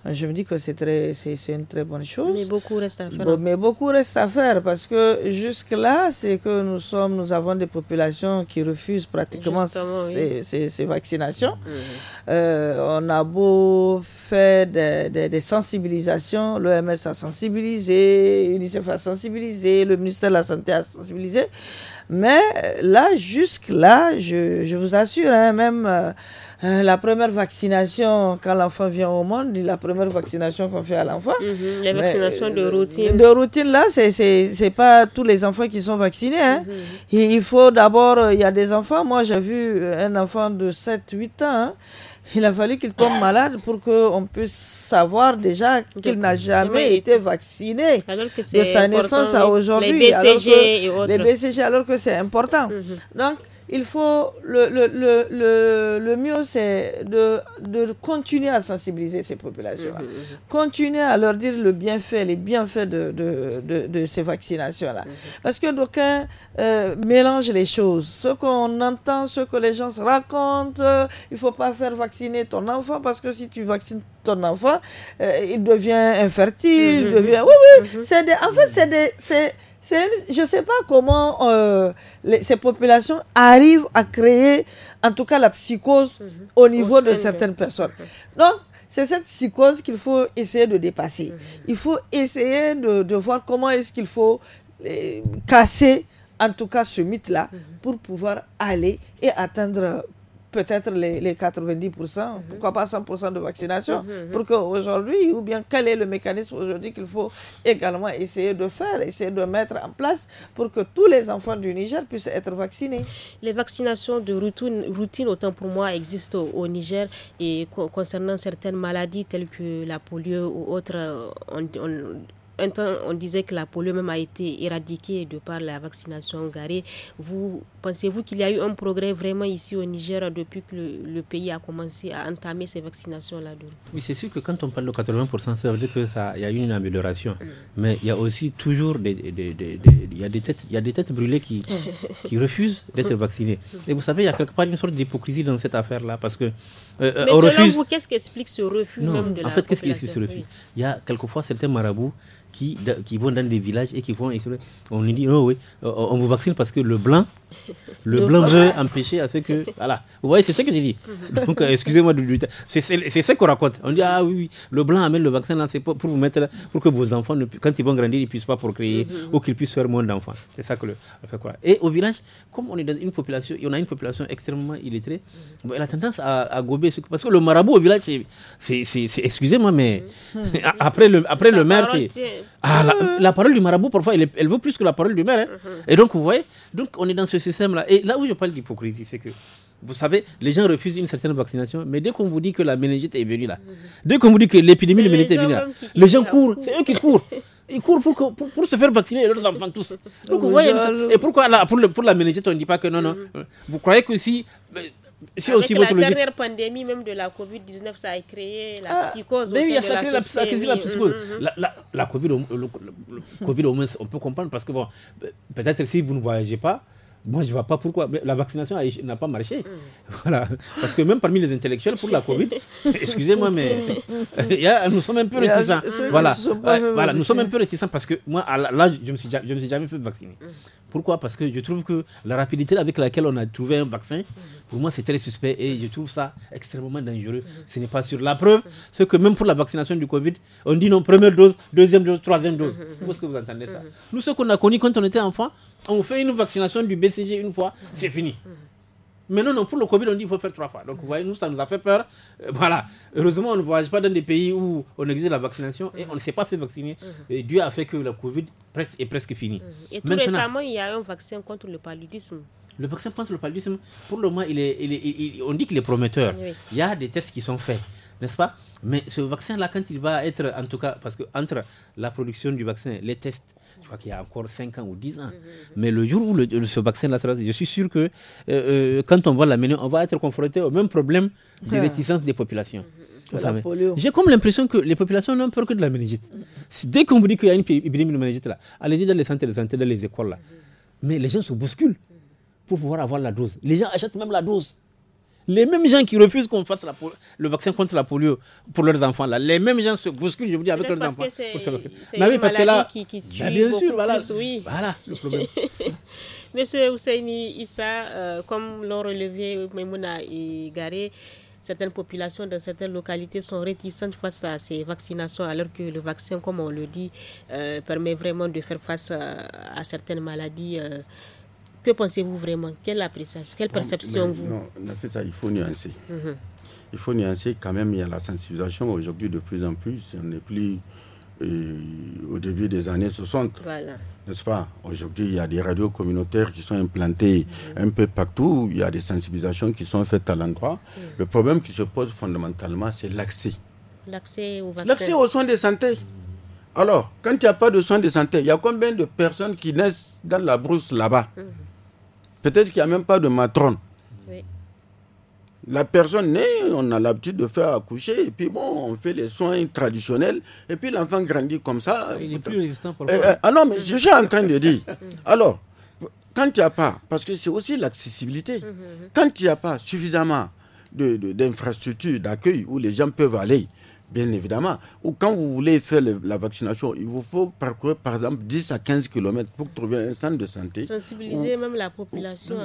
Mm. Je me dis que c'est très, c'est, une très bonne chose. Mais beaucoup reste à faire. Hein. mais beaucoup reste à faire parce que jusque là, c'est que nous sommes, nous avons des populations qui refusent pratiquement ces, ces, vaccinations. Mm. Euh, on a beau faire des, des, des sensibilisations, l'OMS a sensibilisé, l'UNICEF a sensibilisé, le ministère de la Santé a sensibilisé. Mais là, jusque-là, je, je, vous assure, hein, même euh, euh, la première vaccination, quand l'enfant vient au monde, la première vaccination qu'on fait à l'enfant. Mhm, les vaccinations de euh, routine. De routine, là, c'est pas tous les enfants qui sont vaccinés. Hein. Mhm. il, il, faut d'abord, il y a des enfants, moi j'ai vu un enfant de 7-8 ans. Hein, il a fallu qu'il tombe malade pour qu'on puisse savoir déjà qu'il n'a jamais été vacciné de sa naissance à aujourd'hui. Les BCG alors que, et autres. Les BCG alors que c'est important. Mhm il faut le, mieux, c'est de, de, continuer à sensibiliser ces populations-là. Mhm, mhm. Continuer à leur dire le bienfait, les bienfaits de, de, ces vaccinations-là. Mhm. Parce que d'aucuns euh, mélangent les choses. Ce qu'on entend, ce que les gens se racontent, euh, il faut pas faire vacciner ton enfant parce que si tu vaccines ton enfant, euh, il devient infertile, devient... Oui, oui, en fait, c'est je ne sais pas comment euh, ces populations arrivent à créer, en tout cas, la psychose mhm. au niveau de certaines personnes. Donc, c'est cette psychose qu'il faut essayer de dépasser. Mhm. Il faut essayer de, voir comment est-ce qu'il faut euh, casser, en tout cas, ce mythe-là, mhm. pour pouvoir aller et atteindre peut-être les, 90%, mhm. pourquoi pas 100% de vaccination, Pour mhm, que mhm. pour qu'aujourd'hui, ou bien quel est le mécanisme aujourd'hui qu'il faut également essayer de faire, essayer de mettre en place pour que tous les enfants du Niger puissent être vaccinés. Les vaccinations de routine, routine autant pour moi, existent au, Niger et concernant certaines maladies telles que la polio ou autre... Euh, un temps, on disait que la polio même a été éradiquée de par la vaccination garée. Vous pensez-vous qu'il y a eu un progrès vraiment ici au Niger depuis que le, pays a commencé à entamer ces vaccinations-là Oui, c'est sûr que quand on parle de 80%, ça veut dire qu'il y a eu une amélioration. Mm. Mais il y a aussi toujours des, des, des, il y a des têtes, il y a des têtes brûlées qui, qui refusent d'être vaccinées. Et vous savez, il y a quelque part une sorte d'hypocrisie dans cette affaire-là parce que euh, Mais euh, selon vous, qu'est-ce qu'explique ce refus même de en fait, qu'est-ce qui explique ce refus Il y a quelquefois certains marabouts qui, qui vont dans des villages et qui vont... On nous dit, non, oh oui, euh, on vous vaccine parce que le blanc le blanc veut empêcher à ce que. Voilà. Vous voyez, c'est ça que j'ai dit. Donc, euh, excusez-moi de C'est ça qu'on raconte. On dit, ah oui, le blanc amène le vaccin là, c'est pour, vous mettre. pour que vos enfants, ne, quand ils vont grandir, ils ne puissent pas procréer mm-hmm. ou qu'ils puissent faire moins d'enfants. C'est ça que le. Fait quoi. Et au village, comme on est dans une population, on a une population extrêmement illettrée, mm-hmm. elle a tendance à, gober. Ce, parce que le marabout au village, c'est. Excusez-moi, mais. Mm-hmm. après le, après le maire, c'est. Ah, la, parole du marabout, parfois, elle, veut plus que la parole du maire. Hein. Et donc, vous voyez, donc on est dans ce système-là. Et là où je parle d'hypocrisie, c'est que, vous savez, les gens refusent une certaine vaccination, mais dès qu'on vous dit que la méningite est venue là, dès qu'on vous dit que l'épidémie de méningite est venue là, les gens courent, c'est eux qui courent. Ils courent pour, pour, se faire vacciner leurs enfants tous. vous et pourquoi là, pour, pour la méningite, on ne dit pas que non, non. Mm. Vous croyez que si. Si aussi la votre dernière pandémie même de la COVID-19, ça a créé la ah, psychose. Mais oui, ça a créé la, la, psychose. Mm-hmm. la, la, COVID, au on peut comprendre parce que, bon, peut-être si vous ne voyagez pas, moi, je ne vois pas pourquoi. la vaccination n'a pas marché. Mm. Voilà. Parce que même parmi les intellectuels, pour la Covid, excusez-moi, mais nous sommes un peu réticents. Voilà. voilà. Nous sommes un peu réticents parce que moi, à l'âge, je ne me, suis jamais fait vacciner. Mm. Pourquoi Parce que je trouve que la rapidité avec laquelle on a trouvé un vaccin, pour moi, c'est très suspect et je trouve ça extrêmement dangereux. Ce n'est pas sûr. La preuve, c'est que même pour la vaccination du Covid, on dit non, première dose, deuxième dose, troisième dose. ce que vous entendez ça Nous, ce qu'on a connu quand on était enfant, on fait une vaccination du BCG une fois, c'est fini. Mais non, non, pour le Covid, on dit qu'il faut faire trois fois. Donc, vous voyez, nous, ça nous a fait peur. Euh, voilà. Heureusement, on ne voyage pas dans des pays où on exige la vaccination et on ne s'est pas fait vacciner. Mhm. Dieu a fait que le Covid est presque fini. Mhm. Et tout récemment, il y a un vaccin contre le paludisme. Le vaccin contre le paludisme, pour le moment, il on dit qu'il est prometteur. Il y a des tests qui sont faits, n'est-ce pas Mais ce vaccin-là, quand il va être, en tout cas, parce que entre la production du vaccin, les tests, je crois qu'il y a encore 5 ans ou 10 ans. Mais le jour où le, ce vaccin-là sera, je suis sûr que euh, euh, quand on va l'amener, on va être confronté au même problème de réticence des populations. J'ai comme l'impression que les populations n'ont peur que de la méningite. Dès qu'on vous dit qu'il y a une épidémie de là, allez-y dans les centres de santé, dans les écoles. Là. Mais les gens se bousculent pour pouvoir avoir la dose. Les gens achètent même la dose. Les mêmes gens qui refusent qu'on fasse la le vaccin contre la polio pour leurs enfants, là, les mêmes gens se bousculent, je vous dis, avec leurs enfants. Parce que c'est une oui, parce qui, qui bah, tue beaucoup voilà, plus, oui. voilà le problème. Monsieur Ousseini Issa, euh, comme l'ont relevé Memouna et Garé, certaines populations dans certaines localités sont réticentes face à ces vaccinations, alors que le vaccin, comme on le dit, euh, permet vraiment de faire face euh, à, certaines maladies. Que pensez-vous vraiment Quelle appréciation, quelle perception vous Non, il faut nuancer. Mhm. Il faut nuancer quand même, il y a la sensibilisation aujourd'hui de plus en plus. On n'est plus euh, au début des années 60. Voilà. N'est-ce pas Aujourd'hui, il y a des radios communautaires qui sont implantées mhm. un peu partout. Il y a des sensibilisations qui sont faites à l'endroit. Mhm. Le problème qui se pose fondamentalement, c'est l'accès. L'accès aux soins de santé. Alors, quand il n'y a pas de soins de santé, il y a combien de personnes qui naissent dans la brousse là-bas Peut-être qu'il n'y a même pas de matrone. La personne naît, on a l'habitude de faire accoucher, et puis bon, on fait les soins traditionnels, et puis l'enfant grandit comme ça. Ah, il n'est plus résistant pour le eh, eh, Ah non, mais je suis en train de dire. Mm. Alors, quand il n'y a pas, parce que c'est aussi l'accessibilité, mm-hmm. quand il n'y a pas suffisamment d'infrastructures de, d'accueil où les gens peuvent aller, bien évidemment. Ou quand vous voulez faire la vaccination, il vous faut parcourir par exemple 10 à 15 km pour trouver un centre de santé. Sensibiliser même la population.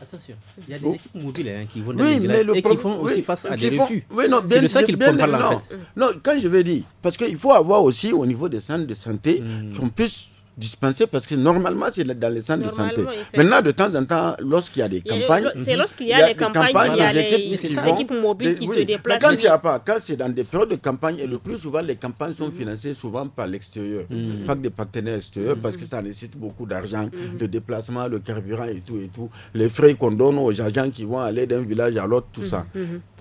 Attention, il y a des équipes mobiles hein, qui vont dans les et qui font aussi face à des font, refus. Oui, c'est de ça qu'ils prennent en fait. Non, quand je veux dire, parce qu'il faut avoir aussi au niveau des centres de santé hmm. qu'on puisse Dispenser parce que normalement c'est dans les centres de santé. Maintenant, de temps en temps, lorsqu'il y a des campagnes, c'est lorsqu'il il y a des équipes, mobiles qui se déplacent. Quand il n'y a pas, quand c'est dans des périodes de campagne, et le plus souvent les campagnes sont mhm. financées souvent par l'extérieur, mhm. par des partenaires extérieurs, parce que mhm. ça nécessite beaucoup d'argent, le de déplacement, le carburant et tout et tout, les frais qu'on donne aux agents qui vont aller d'un village à l'autre, tout ça.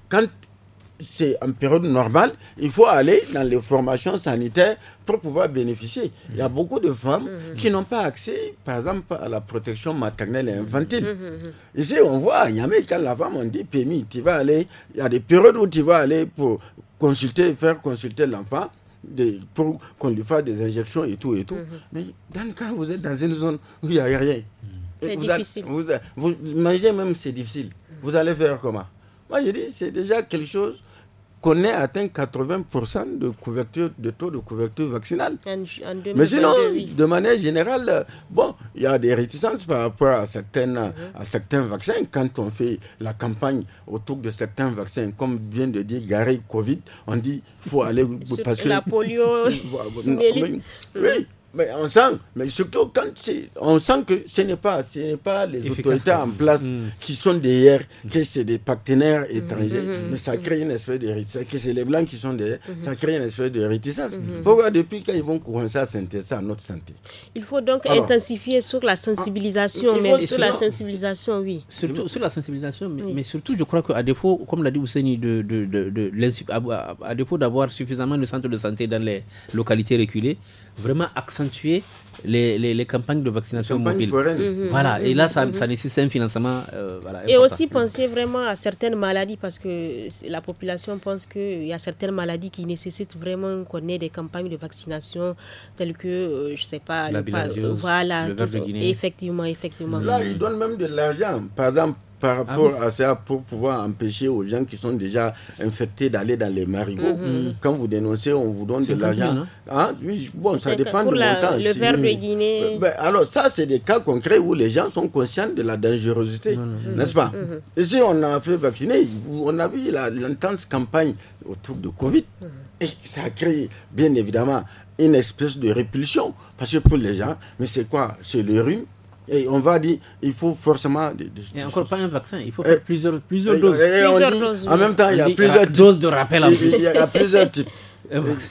Quand c'est en période normale, il faut aller dans les formations sanitaires pour pouvoir bénéficier. Il y a beaucoup de femmes mhm. qui n'ont pas accès, par exemple, à la protection maternelle et infantile. Mhm, mhm, Ici, on voit a même quand la femme, on dit, Pémi, tu vas aller, il y a des périodes où tu vas aller pour consulter, faire consulter l'enfant. pour qu'on lui fasse des injections et tout et tout. Mais dans le cas vous êtes dans une zone où il n'y a rien, c'est difficile. vous, vous, mangez même, c'est difficile. Vous allez faire comment moi, je dis, c'est déjà quelque chose qu'on ait atteint 80% de couverture, de taux de couverture vaccinale. Mais sinon, de manière générale, bon, il y a des réticences par rapport à, certaines, mhm. à certains vaccins. Quand on fait la campagne autour de certains vaccins, comme vient de dire Gary Covid, on dit faut aller parce que la polio. oui. Mais on sent, mais surtout quand on sent que ce n'est pas, ce pas les autorités en place mm. qui sont derrière, mm. que c'est des partenaires mm-hmm. étrangers, mm-hmm. mais ça mm-hmm. crée une espèce de réticence, que c'est les blancs qui sont derrière, ça crée une espèce de réticence. Pourquoi depuis quand ils vont commencer à s'intéresser à notre santé Il faut donc intensifier sur la sensibilisation, mais sur, la sensibilisation, oui. Surtout sur la sensibilisation, mais, surtout je crois qu'à défaut, comme l'a dit Ousseini, de, de, à, à défaut d'avoir suffisamment de centres de santé dans les localités reculées, vraiment accentuer les, les, campagnes de vaccination mobile. Mhm, mhm, voilà, et là, ça, mhm, nécessite un financement. Euh, et aussi penser vraiment à certaines maladies, parce que la population pense qu'il y a certaines maladies qui nécessitent vraiment qu'on ait des campagnes de vaccination, telles que, je euh, je sais pas, voilà, effectivement, effectivement. Là, ils donnent même de l'argent, par exemple, par ah rapport à ça pour pouvoir empêcher aux gens qui sont déjà infectés d'aller dans les marigots. Mm-hmm. Mm-hmm. Quand vous dénoncez, on vous donne de l'argent. Hein. Ah, bon, ça dépend du la, Le verre de Guinée. Euh, ben, alors ça, c'est des cas concrets où les gens sont conscients de la dangerosité, n'est-ce mm-hmm. pas Et si on a fait vacciner, on a vu l'intense campagne autour de Covid. Et ça a créé, bien évidemment, une espèce de répulsion. Parce que pour les gens, mais c'est quoi C'est le rhume et on va dire, il faut forcément. Il n'y a encore pas un vaccin, il faut plusieurs, doses. en même temps, il y a plusieurs doses de rappel. Il y a plusieurs types.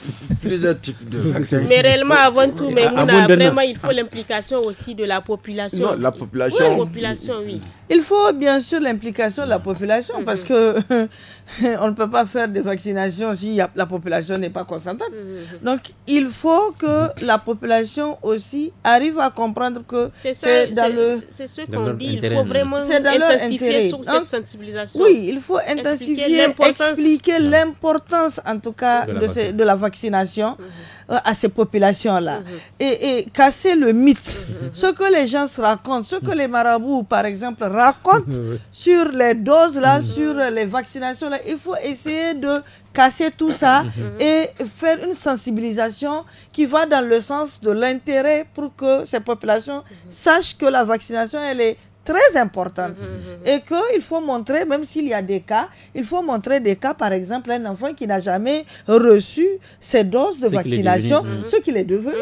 plusieurs de vaccins. Mais réellement, avant tout, mais vraiment, il faut l'implication aussi de la population. Non, la population. la population, oui. Il faut bien sûr l'implication de la population mm-hmm. parce que on ne peut pas faire des vaccinations si la population n'est pas consentante. Mm-hmm. Donc il faut que la population aussi arrive à comprendre que c'est dans le c'est ce qu'on dit. Il faut vraiment intensifier cette sensibilisation. Oui, il faut intensifier, expliquer l'importance en tout cas de, la, de, la vaccination. Mm-hmm à ces populations-là mhm. et, casser le mythe. Mhm. Mhm. Ce que les gens se racontent, ce que les marabouts, par exemple, racontent sur les doses, là, sur les vaccinations, là, il faut essayer de casser tout ça et faire une sensibilisation qui va dans le sens de l'intérêt pour que ces populations sachent que la vaccination, elle est très importante mhm, mhm, mhm. et que et qu'il faut montrer, même s'il y a des cas, il faut montrer des cas, par exemple, un enfant qui n'a jamais reçu ses doses de vaccination, ce qu'il est devenu,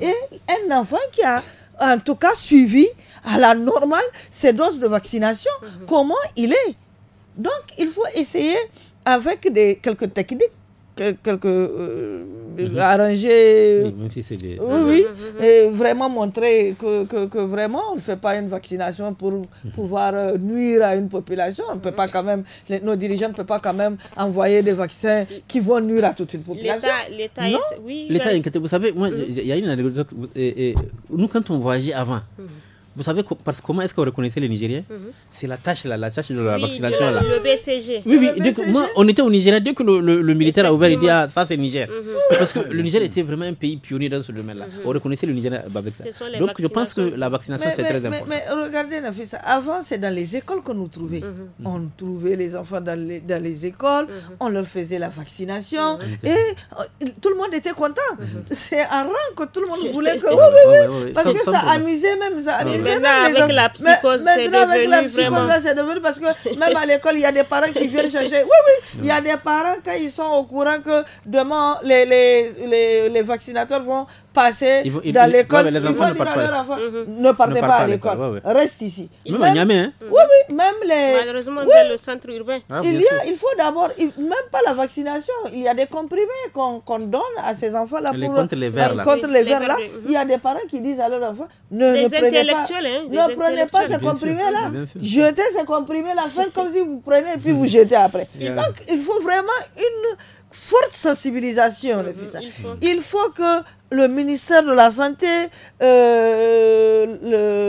et un enfant qui a en tout cas suivi à la normale ses doses de vaccination, comment il est. Donc, il faut essayer avec des, quelques techniques quelques euh, mhm. arrangés. Oui, même mhm. vraiment montrer que, vraiment, on ne fait pas une vaccination pour mhm. pouvoir euh, nuire à une population. On peut pas quand même, nos dirigeants ne peuvent pas quand même envoyer des vaccins qui vont nuire à toute une population. L'État Oui, L'État inquiété. Vous savez, moi, il y a une anecdote. nous, quand on voyageait avant, vous savez parce, comment est-ce qu'on reconnaissait les Nigériens mhm. C'est la tâche, la tâche de la vaccination. Le, là. le BCG. Oui, oui. moi, on était au Nigeria. Dès que le, militaire a ouvert, il dit ah, ça, c'est Niger. Mhm. Parce que le Niger était vraiment un pays pionnier dans ce domaine-là. Mhm. On reconnaissait le Nigeria avec ça. Donc, je pense que la vaccination, c'est très important. Mais, regardez, Nafisa, avant, c'est dans les écoles qu'on nous trouvait. On trouvait les enfants dans les, dans les écoles, on leur faisait la vaccination et euh, tout le monde était content. C'est un rang que tout le monde voulait que. Oui, oui, oui. Parce que ça amusait même, ça amusait maintenant, avec, la psychose, mais, maintenant avec la psychose, c'est devenu vraiment. parce que même à l'école, il y a des parents qui viennent chercher. Oui, oui, il y a des parents quand ils sont au courant que demain, les, les, les vaccinateurs vont dans l'école. les enfants ne partent pas. Mhm. Ne partez pas, à l'école. Ouais, Reste ici. Même, à Niamey, hein. Oui, oui, même les. Malheureusement, c'est dans le centre urbain. Ah, il, y a, il faut d'abord, même pas la vaccination, il y a des comprimés qu'on donne à ces enfants-là. Pour, contre les verres, là. Contre les, là. il y a mhm. des parents qui disent à leurs enfants hein, ne, prenez pas, ne prenez pas ces comprimés-là. Jetez ces comprimés-là, comme si vous prenez et puis vous mhm. jetez après. Donc, il faut vraiment une forte sensibilisation, Il faut que le ministère de la Santé, euh,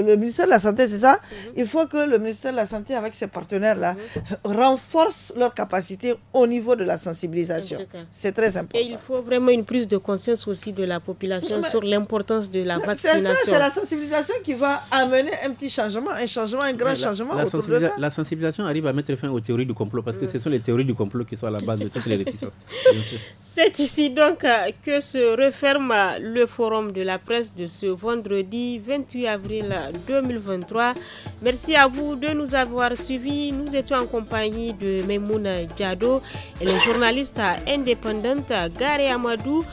le, ministère de la Santé, c'est ça mhm. Il faut que le ministère de la Santé, avec ses partenaires-là, mhm. renforce leur capacité au niveau de la sensibilisation. C'est très important. Et il faut vraiment une prise de conscience aussi de la population sur l'importance de la vaccination. C'est la sensibilisation qui va amener un petit changement, un changement, un grand changement la autour de ça. La sensibilisation arrive à mettre fin aux théories du complot parce que mm. ce sont les théories du complot qui sont à la base de toutes les réticences. C'est ici donc euh, que se referme euh, le forum de la presse de ce vendredi 28 avril 2023. Merci à vous de nous avoir suivis. Nous étions en compagnie de Memouna Diado, et les journalistes indépendante Gare Amadou.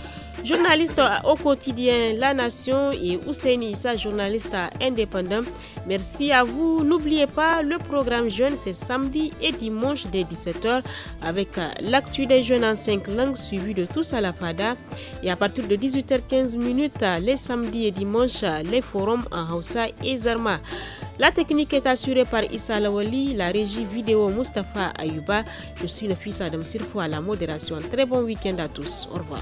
Journaliste au quotidien La Nation et Ousseini Issa, journaliste indépendant. Merci à vous. N'oubliez pas, le programme Jeune, c'est samedi et dimanche dès 17h avec euh, l'actu des jeunes en 5 langues suivi de tous à la FADA. Et à partir de 18h15 minutes, euh, les samedis et dimanches, euh, les forums en Hausa et Zarma. La technique est assurée par Issa Lawali, la régie vidéo Mustapha Ayuba. Je suis le fils Adam Sirfo à la modération. Très bon week-end à tous. Au revoir.